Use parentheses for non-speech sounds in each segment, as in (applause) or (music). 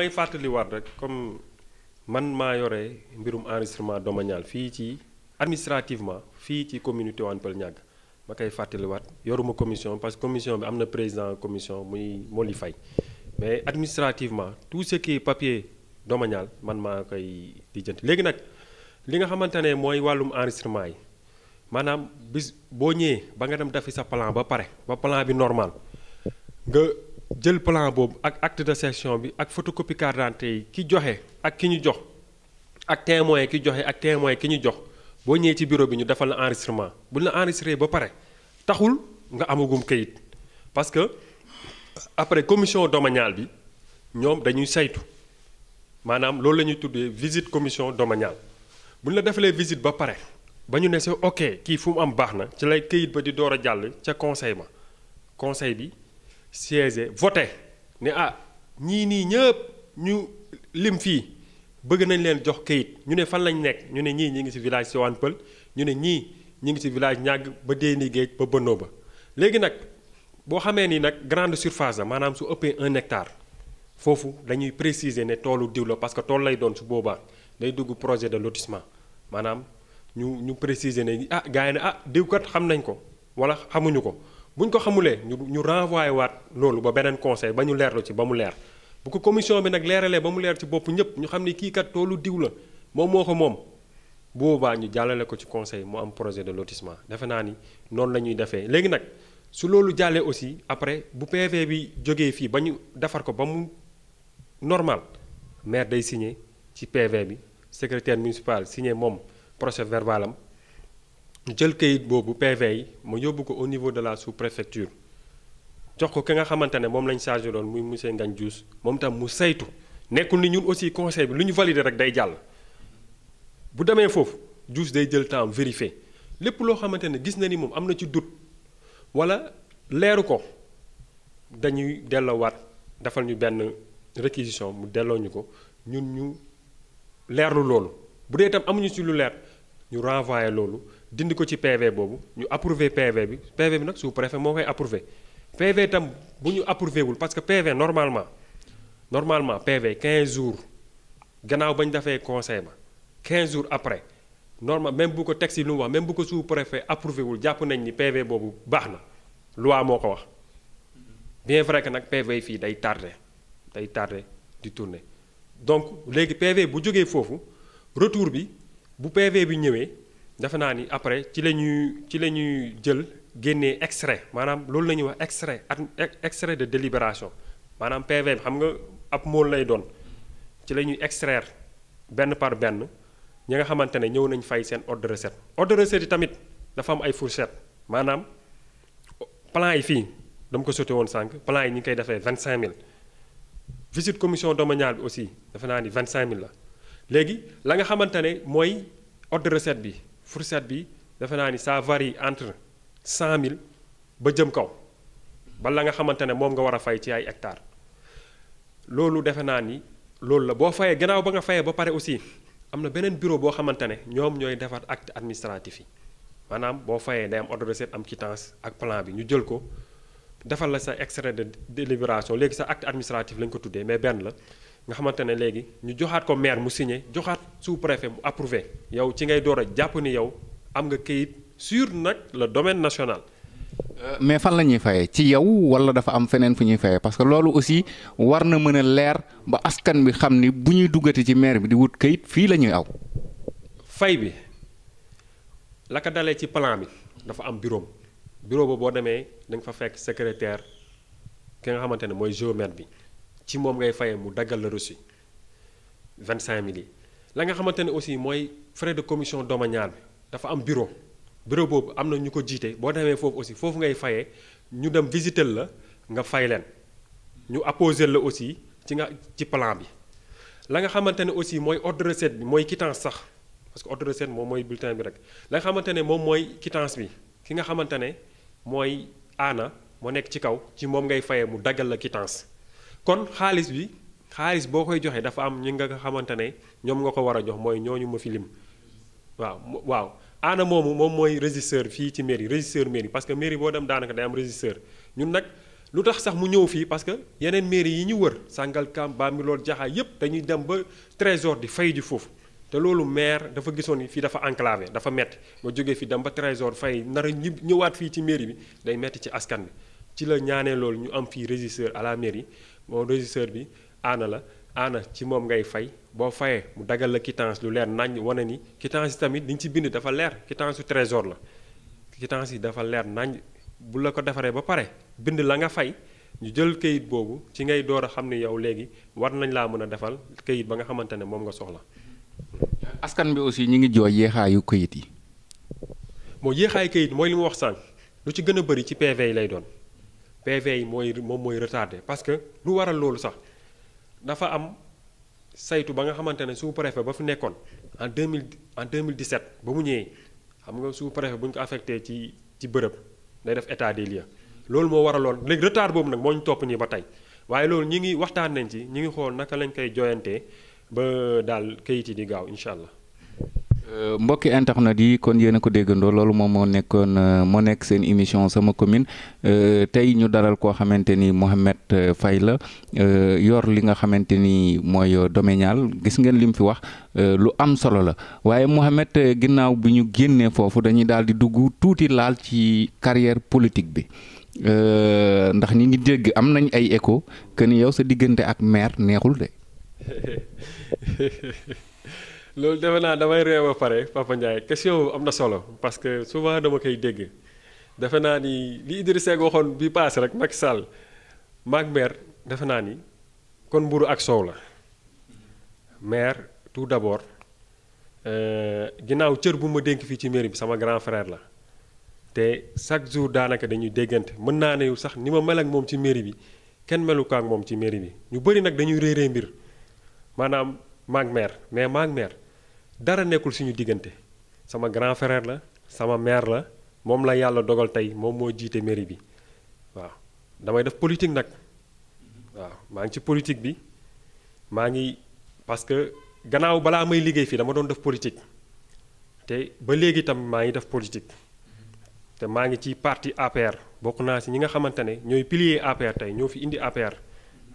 may fàttaliwaat rek comme man maa yore mbirum enregistrement domanial fii ci administrativement fii ci communauté Tivaouane Peulh Niaga ma koy fàttaliwaat yoruma commission parce que commission bi am na président commission muy Moli Faye mais administrativement tout ce qui est papier domanial man maa koy lijjanti léegi nag li nga xamante ne mooy wàllum enregistrement yi maanaam bis boo ñëwee ba nga dem dafi sa plan ba pare ba plan bi normal nga. jël plan boobu ak acte de session bi ak photocopie carte d'identité yi ki joxe ak ki ñu jox ak témoin ki joxe ak témoin ki ñu jox boo ñëwee ci bureau bi ñu defal la enregistrement bu la enregistré ba pare taxul nga amagum kayit parce que après commission domaniale bi ñoom dañuy saytu maanaam loolu la ñuy tuddee visite commission domaniale bu ñu la defalee visite ba pare ba ñu ne sa ok kii fu mu am baax na ci lay kayit ba di door a jàll ca conseil ma conseil bi. siégé voté ne ah ñii nii ñëpp ñu lim fii bëgg nañ leen jox kayit ñu ne fan lañ nekk ñu ne ñii ñu ngi ci village Siwane Pël ñu ne ñii ñu ngi ci village ñàgg ba déeni géej ba bënnoo ba léegi nag boo xamee ni nag grande surface la maanaam su ëppee un hectare foofu dañuy préciser ne toolu diw la parce que tool lay doon su boobaa day dugg projet de lotissement maanaam ñu ñu préciser ne ah gars ne ah diw xam nañ ko wala xamuñu ko buñ ko xamulee ñu ñu renvoyé waat loolu ba beneen conseil ba ñu leerlu ci ba mu leer bu ko commission bi nag leeralee ba mu leer ci bopp ñëpp ñu xam ni kii kat toolu diw la moom moo ko moom boobaa ñu jàllale ko ci conseil mu am projet de lotissement defe naa ni noonu la ñuy defee léegi nag su loolu jàllee aussi après bu PV bi jógee fii ba ñu defar ko ba mu normal maire day signé ci PV bi secrétaire municipal signé moom procès verbal am jël kayit boobu PV yi ma yóbbu ko au niveau de la sous-préfecture jox ko ki nga xamante ne moom lañ chargé doon muy monsieur Ngagne Diouf moom tam mu saytu nekkul ni ñun aussi conseil bi lu ñu valider rek day jàll. bu demee foofu Diouf day jël temps vérifier lépp loo xamante ne gis na ni moom am na ci doute wala leeru ko dañuy delloowaat defal ñu benn réquisition mu delloo ñu ko ñun ñu leerlu loolu bu dee tam amuñu ci lu leer ñu renvoyer loolu dindi ko ci PV boobu ñu approuvé PV bi PV bi nag sous préfet moo koy approuvé PV tam bu ñu approuvé wul parce que PV normalement normalement PV 15 jours gannaaw bañ ñu defee conseil ba 15 jours après normal même bu ko texte yi lu mu wax même bu ko sous préfet approuvé wul jàpp nañ ni PV boobu baax na loi moo ko wax bien vrai que nag PV yi fii day tardé day tardé di tourner donc léegi PV bu jógee foofu retour bi bu PV bi ñëwee. defe naa ni après ci la ñuy ci la ñuy jël génne extrait maanaam loolu la ñuy wax extrait ak extrait de délibération maanaam PV bi xam nga ab mool lay doon ci la ñuy extraire benn par benn ñi nga xamante ne ñëw nañ fay seen ordre de recette ordre de yi tamit dafa am ay fourchette maanaam palan yi fii dama ko sote woon sànq plan yi ñu ngi koy defee vingt cinq mille visite commission domaniale bi aussi defe naa ni vingt cinq mille la léegi la nga xamante ne mooy ordre de recette bi fourchette bi defe naa ça varie entre cent mille ba jëm kaw la nga xamante ne moom nga war a fay ci ay hectares loolu defe naa ni loolu la boo fayee gannaaw ba nga fayee ba pare aussi am na beneen bureau boo xamante ne ñoom ñooy defar acte administratif yi maanaam boo fayee day am ordre de recette am quittance ak plan bi ñu jël ko defal la sa extrait de délibération léegi sa acte administratif lañ ko tuddee mais benn la. nga xamante ne léegi ñu joxaat ko maire mu signé joxaat sous préfet mu approuvé yow ci ngay door a jàpp ni yow am nga kayit sur nag la domaine national. Euh, mais fan la ñuy fayee ci yow wala dafa am feneen fu ñuy faye parce que loolu aussi war na mën a leer ba askan bi xam ni bu ñuy duggati ci maire bi di wut kayit fii la ñuy aw. fay bi la dalee ci plan bi dafa am bureau bureau ba boo demee da fa fekk secrétaire ki nga xamante ne mooy géomètre bi. ci moom ngay fayee mu daggal la reçu vingt cinq mille yi la nga xamante ne aussi mooy frais de commission domaniale bi dafa am bureau bureau boobu am na ñu ko jiite boo demee foofu aussi foofu ngay fayee ñu dem visiter la nga fay leen ñu apposer la aussi ci nga ci plan bi la nga xamante ne aussi mooy ordre recette bi mooy quittance sax parce que ordre recette moom mooy bulletin bi rek la nga xamante ne moom mooy quittance bi ki nga xamante ne mooy aana moo nekk ci kaw ci moom ngay fayee mu daggal la quittance kon xaalis bi xaalis boo koy joxee dafa am ñi nga xamante ne ñoom nga ko war a jox mooy ñooñu ma fi lim waaw waaw aana moomu moom mooy régisseur fii ci mairie régisseur mairie parce que mairie boo dem daanaka day am régisseur ñu nag lu tax sax mu ñëw fii parce que yeneen mairie yi ñu wër Sangalkam loolu Jaxaay yépp dañuy dem ba trésor di fay ji foofu te loolu maire dafa gisoon ni fii dafa enclavé dafa metti ma jógee fii dem ba trésor fay nar a ñëwaat fii ci mairie bi day metti ci askan bi ci la ñaanee loolu ñu am fii régisseur à la mairie moom régisseur bi ana la ana ci mom ngay fay bo fayé mu dagal la quittance lu leer nañ wane ni quittance tamit ni ci bind dafa leer quittance su trésor la quittance yi dafa leer nañ bu la ko défaré ba pare bind la nga fay ñu jël kayit bobu ci ngay doora xamni yow légui war nañ la mëna défal ba nga xamante mom nga soxla. askan bi aussi ñi ngi jooy yu kayit yi. mo yéexaayu kayit moy limu wax sank lu ci gëna ci PV lay doon. PV yi mooy moom mooy retardé parce que lu waral loolu sax dafa am saytu ba nga xamante ne sous-préfet ba fi nekkoon en 2000 en 2017 ba mu ñëwee xam nga sous-préfet bu ñu ko affecté ci ci bërëb day def état des lieux loolu moo waraloon léegi retard boobu nag moo ñu topp nii ba tey waaye loolu ñu ngi waxtaan nañ ci ñi ngi xool naka lañ koy jooyantee ba daal kayit yi di gaaw incha allah. Euh, mbokki internet yi kon yéen a ko déggandoo loolu moom moo nekkoon euh, moo nekk seen émission sama commune euh, tey ñu daral koo xamante ni Mouhamed fay la yor li nga xamante ni mooy domanial gis ngeen li fi wax lu am solo la waaye Mouhamed ginnaaw bi ñu génnee foofu dañuy daal di dugg tuuti laal ci carrière politique bi ndax ñi ngi dégg am nañ ay écho que yow sa diggante ak maire neexul de. (laughs) loolu defe naa damay réew a pare Papa Ndiaye question am na solo parce que souvent dama koy dégg defe naa ni li Idrissa Seck waxoon bi paase rek Macky Sall maag maire defe naa ni kon mburu ak soow la maire tout d'abord euh, ginnaaw cër bu ma dénk fii ci mairie bi sama grand frère la te shaque jour daanaka dañuy déggante mën naa ne sax ni ma mel ak moom ci mairie bi kenn melu ko ak moom ci mairie bi ñu bëri nag dañuy réeree mbir maanaam. maag mais maag dara nekkul suñu diggante sama grand frère la sama mère la moom la yàlla dogal tey moom moo jiite mairie bi waaw damay def politique nag waaw maa ngi ci politique bi maa ngi parce que gannaaw balaa may liggéey fii dama doon def politique te ba léegi tam maa ngi def politique te maa ngi ci parti APR bokk naa si ñi nga xamante ne ñooy pilier APR tey ñoo fi indi APR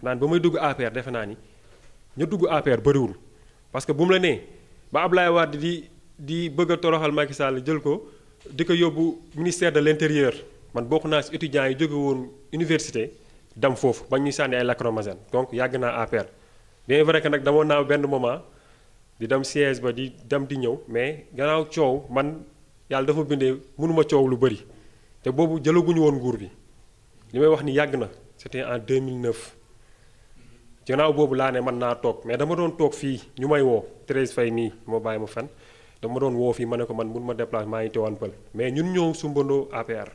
naan ba may dugg APR defe naa ni ñu dugg APR bëriwul parce que bu mu la nee ba Ablaye Wade di di bëgg a toroxal Macky jël ko di ko yóbbu ministère de l' intérieur man bokk naa si étudiants yi jóge woon université dem foofu ba ñu sànni ay lacrymogène donc yàgg naa APR bien vrai que nag damoon naaw benn moment di dem siège ba di dem di ñëw mais gannaaw coow man yàlla dafa bindee mënuma coow lu bëri te boobu jëlaguñu woon nguur bi li may wax ni yàgg na c' était en 2009 ci gannaaw boobu laa ne mën naa toog mais dama doon toog fii ñu may woo Thérèse fay mii moo bàyyi ma fan dama doon woo fii ma ne ko man mun ma déplacé maa ngi pël mais ñun ñoo sumbandoo APR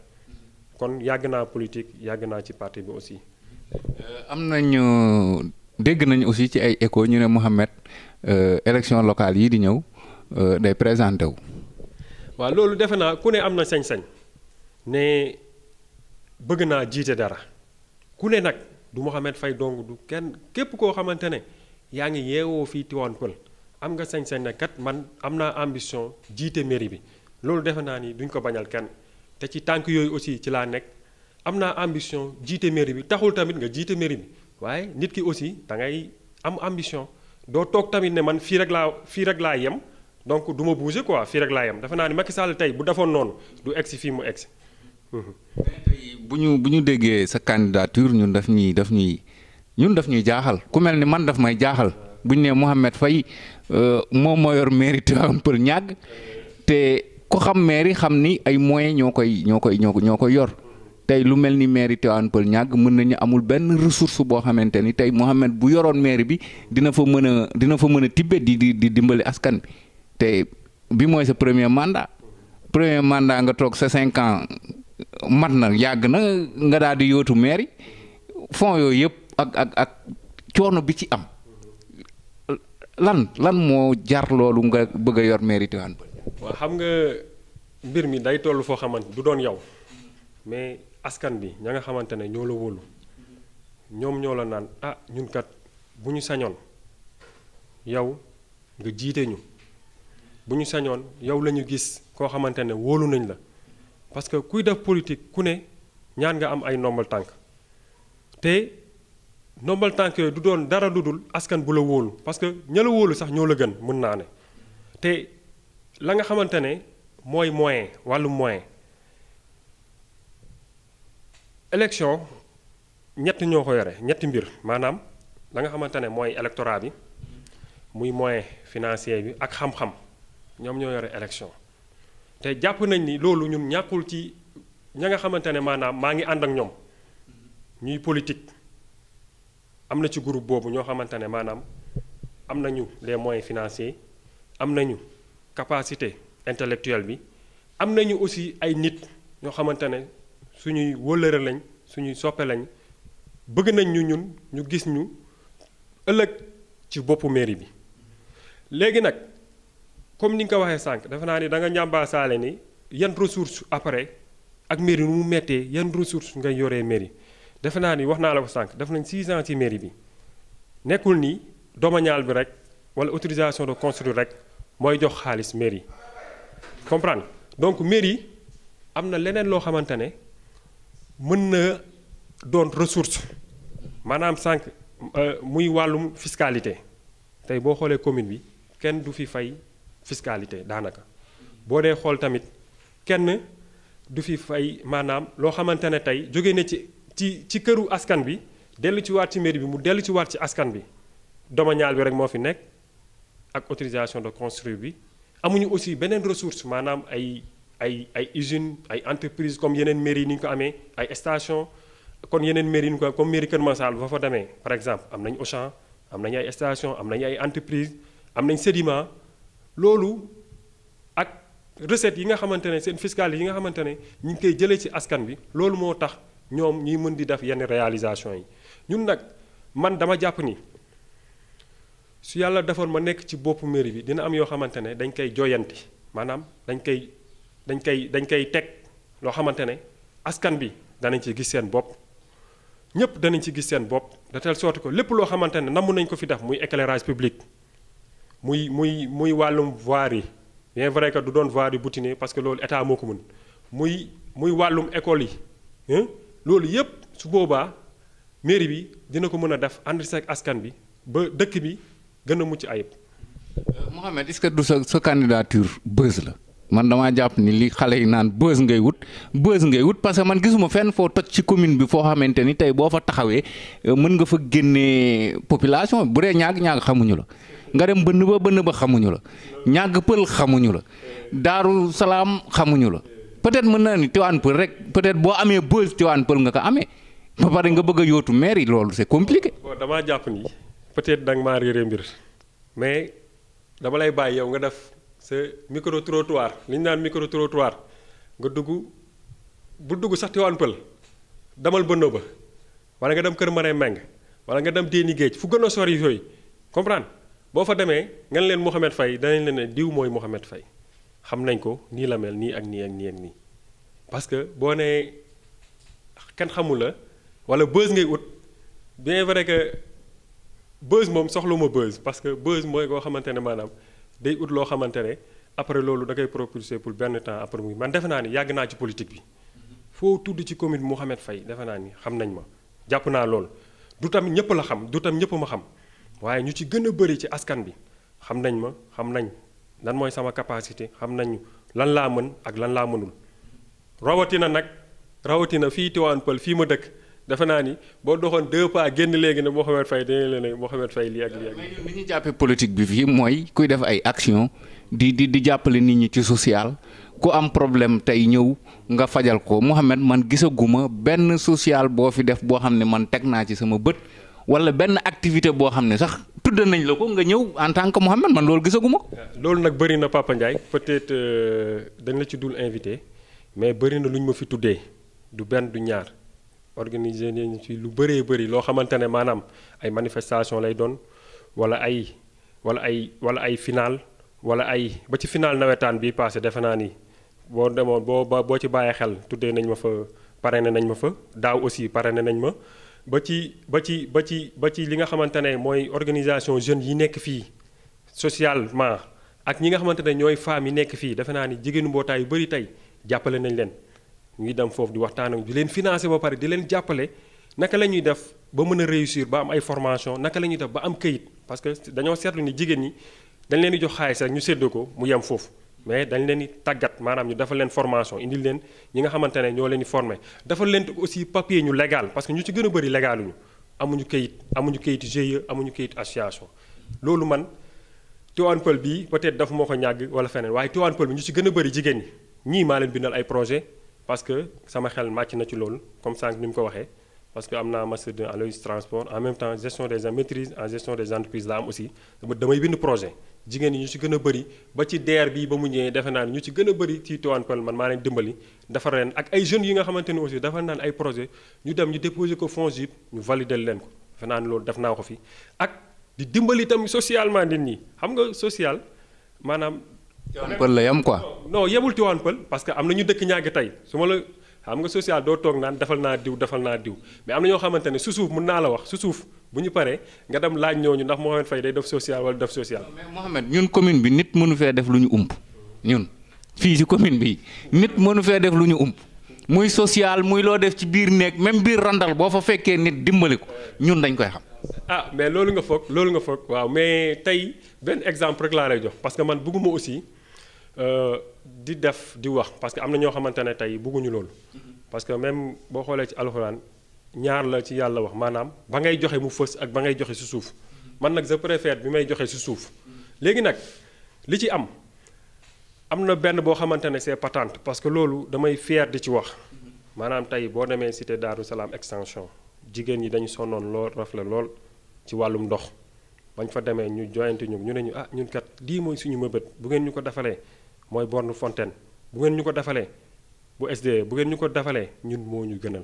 kon yàgg naa politique yàgg naa ci parti bi aussi. Euh, am nañu dégg nañu aussi ci ay écho ñu ne Mouhamed euh, élection locale yii di ñëw euh, day présenté wu. waaw loolu defe naa ku ne am na sañ-sañ ne bëgg naa jiite dara ku ne nag. du Mouhamed Faye dong du kenn képp koo xamante ne yaa ngi yeewoo fii Tivaouane Peulh am nga sañ-sañ ne kat man am naa ambition jiite mairie bi loolu defe naa ni duñ ko bañal kenn te ci tànk yooyu aussi ci laa nekk am naa ambition jiite bi taxul tamit nga jiite mairie bi waaye nit ki aussi da ngay am ambition doo toog tamit ne man fii rek laa fii rek laa yem donc du ma ko quoi fii rek laa yem defe naa ni Macky Sall tey bu defoon noonu du egsi fii mu egsi bu ñu bu ñu déggee sa candidature ñun daf ñuy daf ñuy ñun daf ñuy jaaxal ku mel ni man daf may jaaxal bu ñu nee Mouhamed Faye euh, moom moo yor mairie te ku xam mairie xam ni ay moyens ñoo koy ñoo yor tey lu mel ni mairie Tivaouane Peulh mën nañu amul ben ressource boo xamante ni tey Mouhamed bu yoroon mairie bi dina fa mën a dina fa tibbe di di di dimbali askan bi te bi sa premier mandat premier mandat nga trok sa cinq ans. mat na yàgg na nga daal di yootu mairie fonds yooyu yëpp ak ak ak coono bi ci am lan lan moo jar loolu nga bëgg a yor mairie Tivaouane waaw xam nga mbir mi day toll foo xamante du doon yow mais askan bi ña nga xamante ne ñoo la wóolu ñoom ñoo la naan ah ñun kat bu ñu sañoon yow nga jiite ñu bu ñu sañoon yow lañu gis koo xamante ne wóolu nañ la. parce que kuy def politique ku ne ñaan nga am ay ndombal tànk te ndombal tànk yooyu du doon dara lu askan bu la wóolu parce que ña la wóolu sax ñoo la gën mën naa ne te la nga xamante ne mooy moyen wàllu moyen élection ñett ñoo ko ñetti mbir maanaam la nga xamante ne mooy électorat bi muy moyen financier bi ak xam-xam ñoom ñoo yore élection te jàpp nañ ni loolu ñu ñàkkul ci ña nga xamante ne maanaam maa ngi ànd ak ñoom ñuy politique am na ci groupe boobu ñoo xamante ne maanaam am nañu les moyens financiers am nañu capacité intellectuelle bi am nañu aussi ay nit ñoo xamante ne suñuy wëllëre lañ suñuy soppe lañ bëgg nañ ñu ñun ñu gis ñu ëllëg ci boppu mairie bi léegi nag. comme ni nga ko sank dafa naa ni da nga njàmbaasaale ni yan ressources après ak mairie nu mu méttee yan ressource nga yoré mairie dafa naa ni wax naa la ko sànq def nañ 6 ans ci mairie bi nekul ni domanial bi rek wala autorisation de construire rek moy jox xaalis mairie comprendre donc mairie amna leneen lo xamante ne mën na doon ressource maanaam sànq euh, muy walum fiscalité tay bo xolé commune bi kenn du fi fay fiscalité Danaka. bo dé xol tamit kenn du fi fay manam lo xamante tay jogé na ci ci ci askan bi dellu ci wat ci mairie bi mu a ci wat ci askan bi bi rek fi ak autorisation de construire bi amuñu aussi benen ressource manam ay ay ay usine ay entreprise comme yenen mairie ni ko ay station kon yenen mairie ni ko comme mairie Kër fa démé par exemple am Auchan am ay station am nañ ay entreprise am sédiment loolu ak recettes yi nga xamante ne seen fiscales yi nga xamante ne ñu ngi koy jëlee ci askan bi loolu moo tax ñoom ñuy mën di def yenn réalisation yi ñun nag man dama jàpp ni su yàlla defoon ma nekk ci boppu mairie bi dina am yoo xamante ne dañ koy joyanti maanaam dañ koy dañ koy dañ koy teg loo xamante ne askan bi danañ ci gis seen bopp ñëpp danañ ci gis seen bopp de telle sorte lépp loo xamante ne namm nañ ko fi def muy éclairage public muy muy muy wàllum yi bien vrai que du doon voirie boutinée parce que loolu état moo ko mën muy muy wàllum école yi loolu yëpp su boobaa mairie bi dina ko mën a def ànd seeg askan bi ba dëkk bi gën a mucc ayib. Euh, Mohamed est-ce que du sa sa candidature buzz la. man damaa jàpp ni li xale yi naan bës ngay wut bës ngay wut parce que man gisuma fenn foo toj ci commune bi foo xamante ni tey boo fa taxawee euh, mën nga fa génnee population bu dee ñaag ñaag xamuñu la. nga dem bënn ba bënn ba xamuñu la ñàgg pël xamuñu la daaru salaam xamuñu la peut-être mën naa ni Tivaouane Peulh rek peut-être boo amee pel ngaka ame, nga ko amee ba pare nga bëgg a yóotu maire yi loolu compliqué. bon jàpp ni peut-être da nga maa réeré mbir mais dama lay bàyyi yow nga def sa micro trottoir li ñu naan micro trottoir nga dugg bu dugg sax Tivaouane Peulh damal bënn ba wala nga dem Kër Meng wala nga dem Déni Géej fu gën sori yooyu comprendre. boo fa demee ngeen leen Mouhamed Faye danañ leen ne diw mooy Mouhamed fay xam nañ ko nii la mel nii ak nii ak nii ak parce que boo nee kenn xamul la wala buzz ngay ut bien vrai que buzz moom soxlu ma buzz parce que buzz mooy koo xamante ne maanaam day ut loo xamante ne après loolu da koy propulser pour benn temps après muy man defe naa ni yàgg naa ci politique bi foo tudd ci commune Mouhamed fay defe naa ni xam nañ ma jàpp naa lool du tam ñëpp la xam du tam ñëpp ma xam. waaye ñu ci gën a bëri ci askan bi xam nañ ma xam nañ lan mooy sama capacité xam nañu lan laa mën ak lan laa mënul rawatina nag rawatina fii Tivaouane Peulh fii ma dëkk defe naa ni boo doxoon deux pas génn léegi ne Mouhamed Faye dañu leen ne Mouhamed Faye lii ak lii ak lii. li ñu jàppee politique bi fii mooy kuy def ay action di di di jàppale nit ñi ci social ku am problème tey ñëw nga fajal ko Mouhamed man gisaguma benn social boo fi def boo xam ne man teg naa ci sama bët. wala benn activité boo xam ne sax tudd nañ la ko nga ñëw en tant que Mouhamed man loolu gisaguma ko. loolu nag bëri na Papa Ndiaye peut-être euh, dañ la ci dul invité mais bëri na lu ñu ma fi tuddee du benn du ñaar organiser nañ ci lu bëree bëri loo xamante ne maanaam ay manifestation lay doon wala ay wala ay wala ay final wala ay ba ci final nawetaan bii passé defe naa ni boo demoon boo boo ci bàyyee xel tuddee nañ ma fa pare ne nañ ma fa daaw aussi parrainé nañ ma. ba ci ba ci ba ci ba ci li nga xamante organisation jeune yi nekk socialement ak ñi nga xamante ne ñooy yi ni yu ñu dem di waxtaan financé ba pare di leen jàppale naka la def ba réussir ba am ay formation naka la def parce que dañoo seetlu ni jigéen ñi dañ leen di jox ñu ko mu mais dañ leen di tàggat maanaam ñu defal leen formation indil leen ñi nga xamante ne ñoo leen di former defal leen aussi papier ñu légal parce que ñu ci gën a bëri légaluñu amuñu kayit amuñu kayitu GIE amuñu kayitu association loolu man Tivaouane Peulh bii peut-être dafa moo ko ñàgg wala feneen waaye Tivaouane Peulh bi ñu ci gën a bëri jigéen ñi ñii maa leen bindal ay projet parce que sama xel màcc na ci loolu comme sànq ni mu ko waxee parce que am naa master en logistique transport en même temps gestion des maîtrise en gestion des entreprises la am aussi damay bind projet jigéen ñi ñu ci gën a bëri ba ci DER bi ba mu ñëwee defe naa ñu ci gën a bëri ci Tivaouane Peulh man maa leen dimbali defar leen ak ay jeunes yi nga xamante ni aussi dafa naan ay projet ñu dem ñu déposer ko fonds FONGIP ñu valider leen ko defe naa ne loolu def naa ko fi ak di dimbali tam socialement nit ñi xam nga social maanaam. Tivaouane Peulh la yam quoi. non yemul Tivaouane Peulh parce que am na ñu dëkk ñaagi tey su ma la xam nga social doo toog naan defal naa diw defal naa diw mais am na ñoo xamante ne su suuf mën naa la wax su suuf bu ñu paree nga dem laaj ñooñu ndax Mouhamed Faye day def social wala def social. mais Mouhamed ñun commune bi nit mënu fee def lu ñu ump ñun fii ci commune bi nit mënu fee def lu ñu ump muy social muy loo def ci biir néeg même biir randal boo fa fekkee nit dimbali ko ñun dañ koy xam. ah mais loolu nga foog loolu nga foog waaw mais tey benn exemple rek laa lay jox parce que man bugguma aussi euh, di def di wax parce que am na ñoo xamante ne tey bëgguñu loolu parce que même boo xoolee ci alxuraan. ñaar la ci yàlla wax maanaam ba ngay joxe mu fës ak ba ngay joxee si suuf man nag je préfère bi may joxee si suuf léegi nag li ci am am na benn boo xamante ne c'est patente parce que loolu damay fier di ci wax maanaam tey boo demee cité Daaru Salaam extension jigéen ñi dañu sonnoon lool rafle lool ci wàllum ndox bañ fa demee ñu joyante ñu ñu ne ñu ah ñun kat lii mooy suñu mëbët bu ngeen ñu ko defalee mooy borne fontaine bu ngeen ñu ko defalee bu SDE bu ngeen ñu ko defalee ñun moo ñu gënal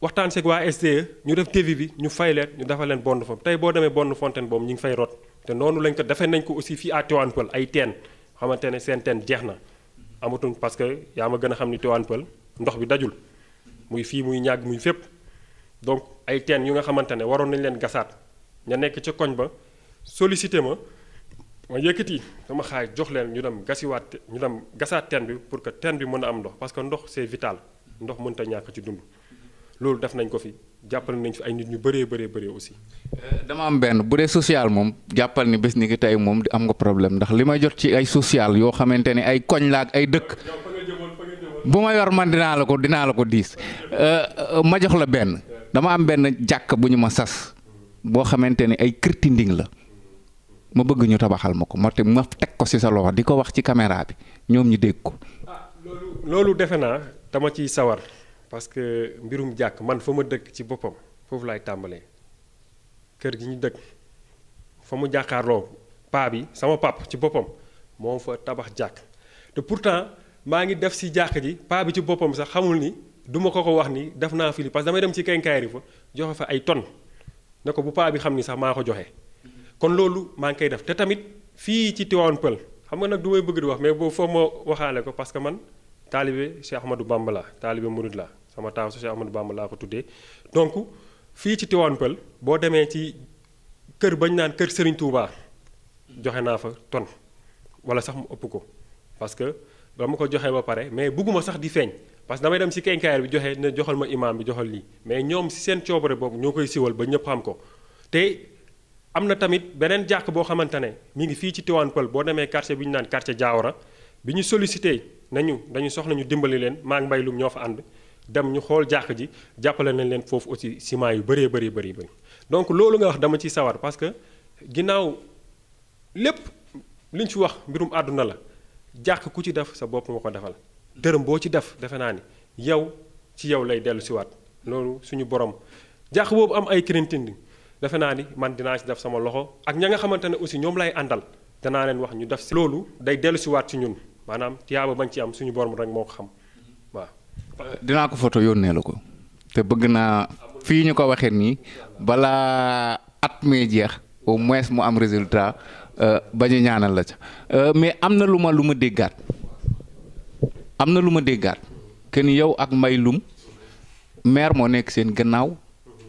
waxtaan seeg waa SDE ñu def TV bi ñu fay leen ñu dafa leen bond fa tey boo demee bonne fontaine boobu ñu ngi fay rot te noonu lañ ko defe nañ ko aussi fii à Tivaouane Peulh ay teen xamante ne seen teen jeex na amatuñ parce que yaa ma gën a xam ni Tivaouane Peulh ndox bi dajul muy fii muy ñàgg muy fépp donc ay teen yu nga xamante ne waroon nañ leen gasaat ña nekk ca koñ ba sollicité ma ma yëkkati sama xaay jox leen ñu dem gasiwaat ñu dem gasaat teen bi pour que teen bi mën a am ndox parce que ndox c'est vital ndox mënta ñàkk ci dund loolu def nañ ko fi jàppale nañ fi ay nit ñu bëree bëree bëree aussi. Euh, dama am benn bu dee social moom jàppal ni bés ni ki tey moom di am nga problème ndax li may jot ci ay social yoo xamante ne ay koñ la ak ay dëkk. bu ma yor man dinaa la ko dinaa la ko diis euh, euh, ma jox la benn dama am benn jàkk bu ñu ma sas boo xamante ne ay kërtinding la ma bëgg ñu tabaxal ma ko ma ma teg ko ci sa loxo di ko wax ci caméra bi ñoom ñu dégg ko. Ah, loolu defe naa dama ciy sawar. parce que mbirum jàkk man fa ma dëkk ci boppam foofu laay tàmbalee kër gi ñu dëkk fa mu jàkkaarloo paa bi sama pap ci boppam moo fa tabax jàkk te pourtant maa ngi def si jàkk ji paa bi ci boppam sax xamul ni duma ko ko wax ni def naa fi li parce que damay dem ci kenkaayri fa joxe fa ay tonnes ne ko bu paa bi xam ni sax maa ko joxe kon loolu maa ngi koy def te tamit fii ci Tivaouane pël xam nga nag du may bëgg di wax mais boobu foo ma waxaale ko parce que man taalibe Cheikh Ahmadou Bamba la taalibe Murid la sama taaw Cheikh Ahmadou Bamba laa ko tuddee donc fii ci Tivaouane Peulh boo demee ci kër bañ naan kër sëriñ Touba joxe naa fa ton wala sax mu ëpp ko parce que dama ko joxe ba pare mais bugguma sax di feeñ parce que damay dem si kenkaayar bi joxe ne joxal ma imaam bi joxal lii mais ñoom si seen coobare boobu ñoo koy siwal ba ñëpp xam ko te am na tamit beneen jàkk boo xamante ne mi ngi fii ci Tivaouane Peulh boo demee quartier bi ñu naan quartier jaawara bi ñu sollicité nañu dañu soxla ñu dimbali leen maa ngi mbay ñoo fa ànd dem ñu xool jàq ji jàppale nañ leen foofu aussi ciment yu bëree bëri bëri bëri donc loolu nga wax dama ciy sawar parce que ginnaaw lépp liñ ci wax mbirum àdduna la jàq ku ci def sa bopp ko defal dërëm boo ci def defe naa ni yow ci yow lay dellu siwaat loolu suñu borom jàkk boobu am ay crintin defe naa ni man dinaa ci def sama loxo ak ña nga xamante ne aussi ñoom lay àndal danaa leen wax ñu def si loolu day dellu siwaat ci ñun maanaam tiyaaba bañ ci am suñu borom rek moo ko xam dina ko photo yónnee te beug na fi ñu ko waxe ni bala at me jeex au moins mu am resultat euh ñu ñaanal la ca euh, mais amna luma luma ma amna luma déggaat ken yow ak may maire mo nek seen gannaaw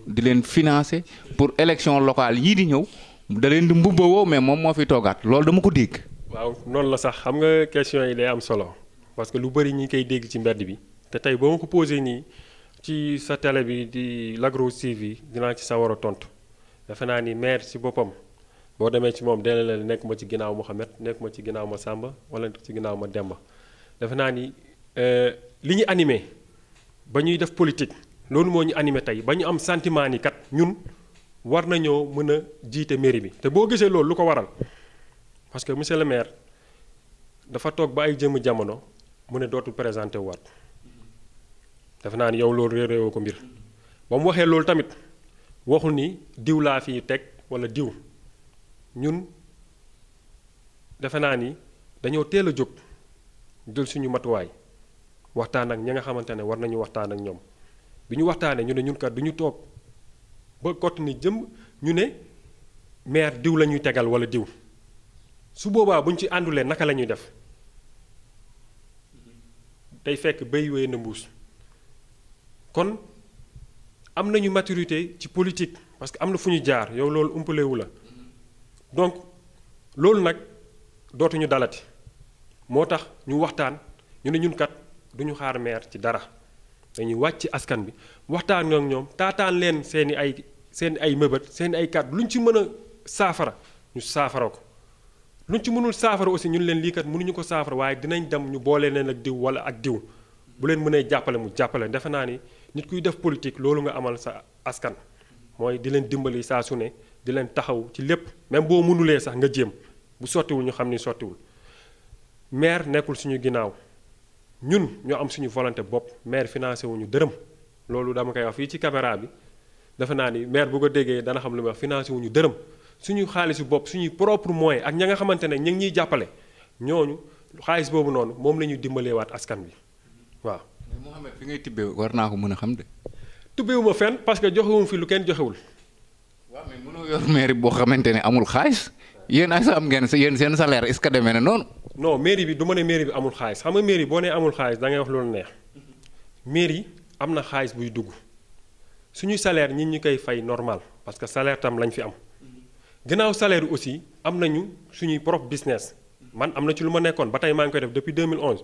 di len financer pour élection locale yi di ñew da len di mbubbo wo mais mom mo fi togat lolou dama ko dégg. waaw non la sax xam nga question yi day am solo parce que lu bari ñi kay dégg ci mbedd bi. te tey boo ma ko posé nii ci sa télé bi di Lac Rose TV dinaa ci sa war a tontu defe naa ni maire si boppam boo demee ci moom dina la nekk ma ci ginnaaw Mouhamed nekk ma ci ginnaaw ma Samba wala ci ginnaaw ma Demba defe naa ni euh, li ñu animé ba ñuy def politique loolu moo ñu animé tey ba ñu am santiment ni kat ñun war nañoo mën a jiite mairie bi te boo gisee loolu lu ko waral parce que monsieur le maire dafa toog ba ay jëm jamono mu ne dootul présenté waat. defe naa ni yow loolu réeréewoo ko mbir ba mu waxee loolu tamit waxul ni diw laa fi teg wala diw ñun defe naa ni dañoo teel a jóg jël suñu matuwaay waxtaan ak ña nga xamante ne war nañu waxtaan ak ñoom bi ñu waxtaanee ñu ne ñun kat du toog ba kott ni jëm ñu ne maire diw lañuy tegal wala diw su boobaa bu ñu ci àndulee naka lañuy def day fekk béy wéy na mbuus kon am nañu maturité ci politique parce que am na fu ñu jaar yow loolu umpalewu la donc loolu nag dootuñu dalati moo tax ñu waxtaan ñu ne ñun kat du ñu xaar maire ci dara dañuy wàcc askan bi waxtaan ak ñoom taataan leen seeni ay seen ay mëbët seen ay kàddu lu ñu ci mën a saafara ñu saafara ko lu ci mënul saafara aussi ñun leen lii kat mënuñu ko saafara waaye dinañ dem ñu boole leen ak diw wala ak diw bu leen mënee jàppale mu jàppale defe naa ni nit kuy def politique loolu nga amal sa askan mooy di leen dimbali saa su ne di leen taxaw ci lépp même boo mënulee sax nga jéem bu sottiwul ñu xam ni sottiwul maire nekkul suñu ginnaaw ñun ñoo am suñu volonté bopp maire financé wuñu dërëm loolu dama koy wax fii ci caméra bi dafa naa ni maire bu ko déggee dana xam lu ma wax financé wuñu dërëm suñu xaalisu bopp suñuy propre moyen ak ña nga xamante ne ñu ngi ñuy jàppale ñooñu xaalis boobu noonu moom la ñuy dimbaleewaat askan bi waaw Mouhamed fi ngay tibbee war naa ko mën a xam de. tubbeewu ma fenn parce que joxewum fi lu kenn joxewul. waaw mais mairie boo xamante ne amul xaalis yéen ak sa am ngeen yéen seen salaire est-ce que demee na noonu. non mairie bi du ma ne mairie bi amul xaalis xam nga mairie boo ne amul xaalis da ngay wax loolu neex mairie am na xaalis buy dugg suñu salaire ñi ñu koy fay normal parce que salaire tam lañ fi am gannaaw salaire aussi am nañu suñuy propre business man am na ci lu ma nekkoon ba tey maa ngi koy def depuis 2011.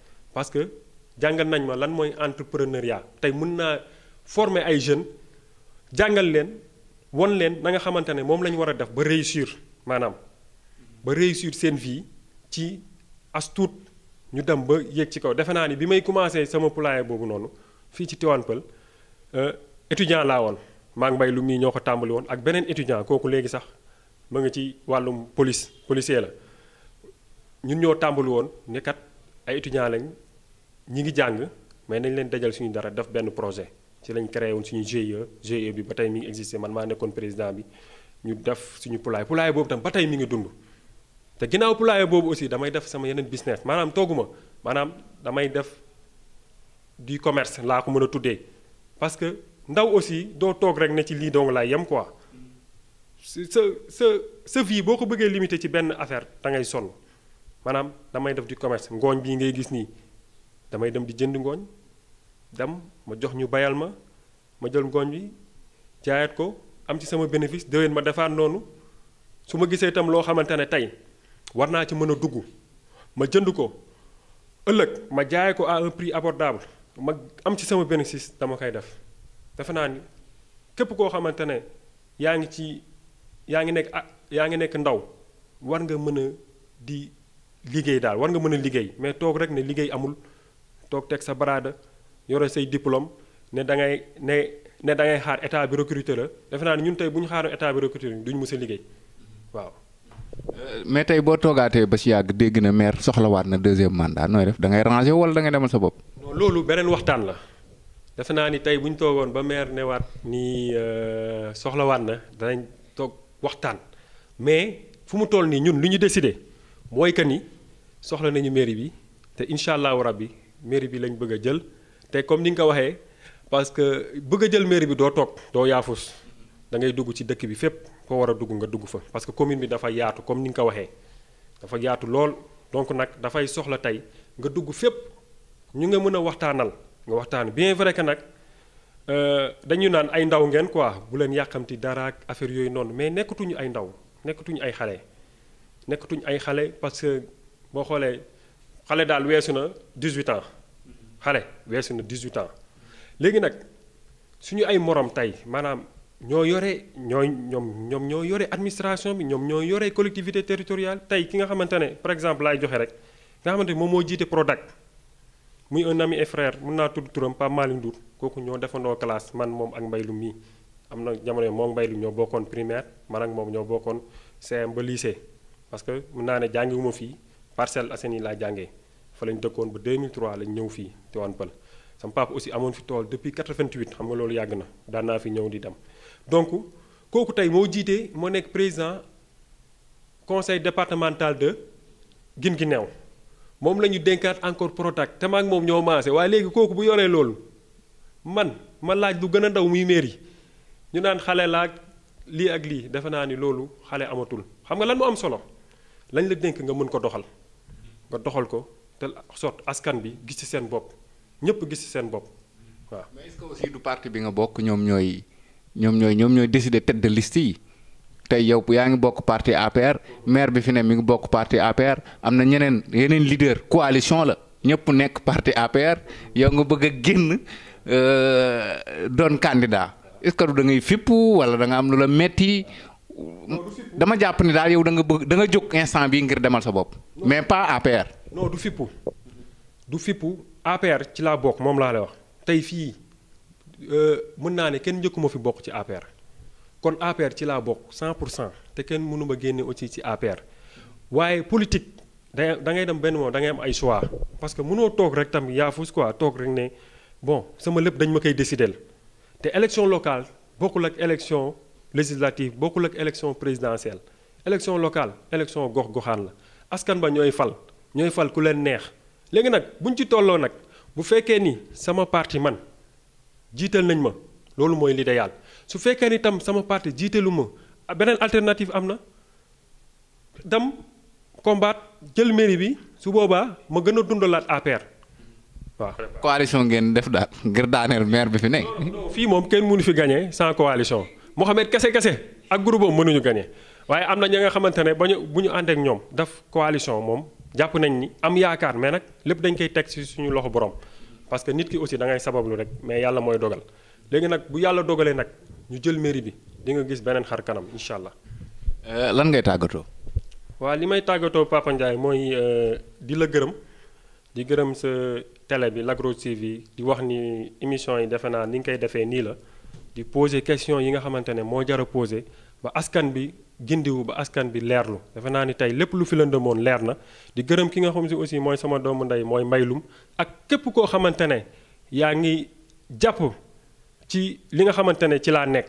parce que jàngal nañ ma lan mooy entrepreneuriat tey mun naa former ay jeunes jàngal leen won leen na nga xamante ne moom la ñu war a def ba réussir maanaam ba réussir seen vie ci as tuut ñu dem ba yéeg ci kaw defe naa ni bi may commencé sama poulailler boobu noonu fii ci Tivaouane Peulh euh, étudiant laa woon maa ngi mbay lu muy ñoo ko tàmbali woon ak beneen étudiant kooku léegi sax ma ngi ci wàllum police policier la ñu ñoo tàmbaliwoon woon ay étudiants lañ ñi ngi jàng may nañ leen dajal suñu dara def benn projet ci lañ créé woon suñu GIE GIE bi ba tey mi ngi existé man maa nekkoon président bi ñu def suñu poulailler poulailler boobu tam ba tey mi ngi dund te ginnaaw poulailler boobu aussi damay def sama yeneen business maanaam tooguma maanaam damay def du commerce laa ko mën a tuddee parce que ndaw aussi doo toog rek ne ci lii dong laay yem quoi sa sa sa vie boo ko bëggee limité ci benn affaire da ngay maanaam damay def di commerce ngooñ bii ngay gis nii damay dem di jënd ngooñ dem ma jox ñu bayal ma ma jël ngooñ bi jaayat ko am ci sama bénéfice déwén ma defaat noonu su ma gisee itam loo xamante ne tey war naa ci mën a dugg ma jënd ko ëllëg ma jaay ko à un prix abordable ma am ci sama bénéfice dama koy def defe naa ni képp koo xamante ne yaa ngi ci yaa ngi nekk ah yaa ngi nekk ndaw war nga mën a di. liggéey daal war nga mën a liggéey mais toog rek ne liggéey amul toog teg sa baraada yore say diplôme ne da ngay ne ne da ngay xaar état bi recruter la defe naa ne ñun tey bu ñu xaaroon état bi duñ mës a liggéey waaw. Euh, mais tey boo toogaatee ba si yàgg dégg na maire soxlawaat na deuxième mandat nooy def da ngay wala da ngay sa bopp. non loolu beneen waxtaan la defe naa ni tey buñ ñu toogoon ba maire newaat ni euh, soxlawaat na danañ toog waxtaan mais fu mu tool nii ñun lu ñu décidé. booy que ni soxla nañu mairie bi te incha allahu rabbi mairie bi lañ bëgg a jël te comme ni nga ko waxee parce que bëgg jël mairie bi doo toog doo yaafus da ngay dugg ci dëkk bi fépp foo war a dugg nga dugg fa parce que commune bi dafa yaatu comme ni nga ko waxee dafa yaatu lool donc nag dafay soxla tey nga dugg fépp ñu nga mën a waxtaanal nga waxtaan bien vrai que nag euh, dañu naan ay ndaw ngeen ko bu leen yàqamti dara ak affaire yooyu noonu mais nekkatuñu ay ndaw nekkatuñu ay xale. nekkatuñ ay parce que 18 ans xale weesu 18 ans léegi nag suñu ay morom tey maanaam yore administration bi collectivité territoriale par exemple rek nga un ami et frère tudd turam pas Ndour kooku ñoo classe man moom ak primaire parce que je naa ne jàngiwuma fii faire fa lañ dëkkoon ba 2003 fi depuis 88 xam nga loolu yàgg na fi donc kooku tey moo conseil départemental de la ñu dénkaat encore protact. te moom ñoo waaye léegi kooku bu yoree loolu man ma laaj lu a ndaw muy ñu naan am lañ la denk nga mën ko doxal nga doxal ko te sort askan bi gis ci seen bopp ñëpp gis ci seen bopp waaw. mais est-ce que aussi du parti bi nga bokk ñoom ñooy ñoom ñooy ñoom ñooy décider tête de liste yi. tey yow yaa ngi bokk parti APR maire bi fi ne mi ngi bokk parti APR am na ñeneen yeneen leader coalition la ñëpp nekk parti APR yow nga bëgg a génn euh, doon candidat est-ce que du da ngay fippu wala da nga am lu la metti dama jàpp ne daal yow danga bëgg da nga jóg instant bii ngir demal sa bopp mais pas APR. non du fippu du fippu APR ci laa bokk moom laa lay wax tey fii euh, mën naa ne kenn njëkkuma fi bokk ci APR kon APR ci laa bokk cent pour cent te kenn mënu ma génne aussi ci APR waaye politique da da ngay dem benn moom da ngay am ay choix parce que mënoo toog rek yaa yaafus quoi toog rek ne bon sama lépp dañ ma koy décidel te élection locale bokkul ak élection. législative beaucoup les élection présidentielle élection locale élection gox goxan la askan ba ñoy fal ñoy fal ku len neex légui nak buñ ci tolo nak bu fekkee ni sama parti man jiital nañ ma loolu mooy l'idéal su fekkee ni tam sama parti jitéluma benen alternative amna, dam combat jël mairie bi su boba ma gëna a APR waaw. coalition ngeen def da ngir daanel maire bi fi nekk. fi mom kenn mënu fi gagner sans coalition. Mouhamed kese kese ak groupe am mënuñu gagné waaye am na ñu nga xamante ne ba ñu bu ñu àndeek ñoom daf coalition moom jàpp nañ ni am yaakaar mais nag lépp dañ koy teg ci suñu loxo borom parce que nit ki aussi da ngay sabablu rek mais yàlla mooy dogal léegi nag bu yàlla dogalee nag ñu jël mairie bi di nga gis beneen xar kanam incha allah. Euh, lan ngay tàggatoo. waaw li may tàggatoo Papa Ndiaye mooy euh, di la gërëm di gërëm sa télé bi Lac bi di wax ni émission yi defe naa ni koy defee nii la. di poser question yi nga xamante mo jara poser ba askan bi wu ba askan bi leerlu Je naa ni tey lépp lu fi lëndëmoon leer na di gërëm ki nga si aussi mooy sama doomu ndey mooy maylum ak képp koo ci li nga xamante ne ci laa nekk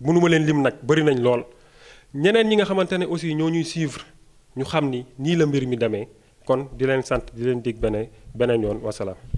mënuma leen lim nag bëri nañ lool ñeneen aussi ñoo suivre ñu xam ni nii la mbir kon di sant di dig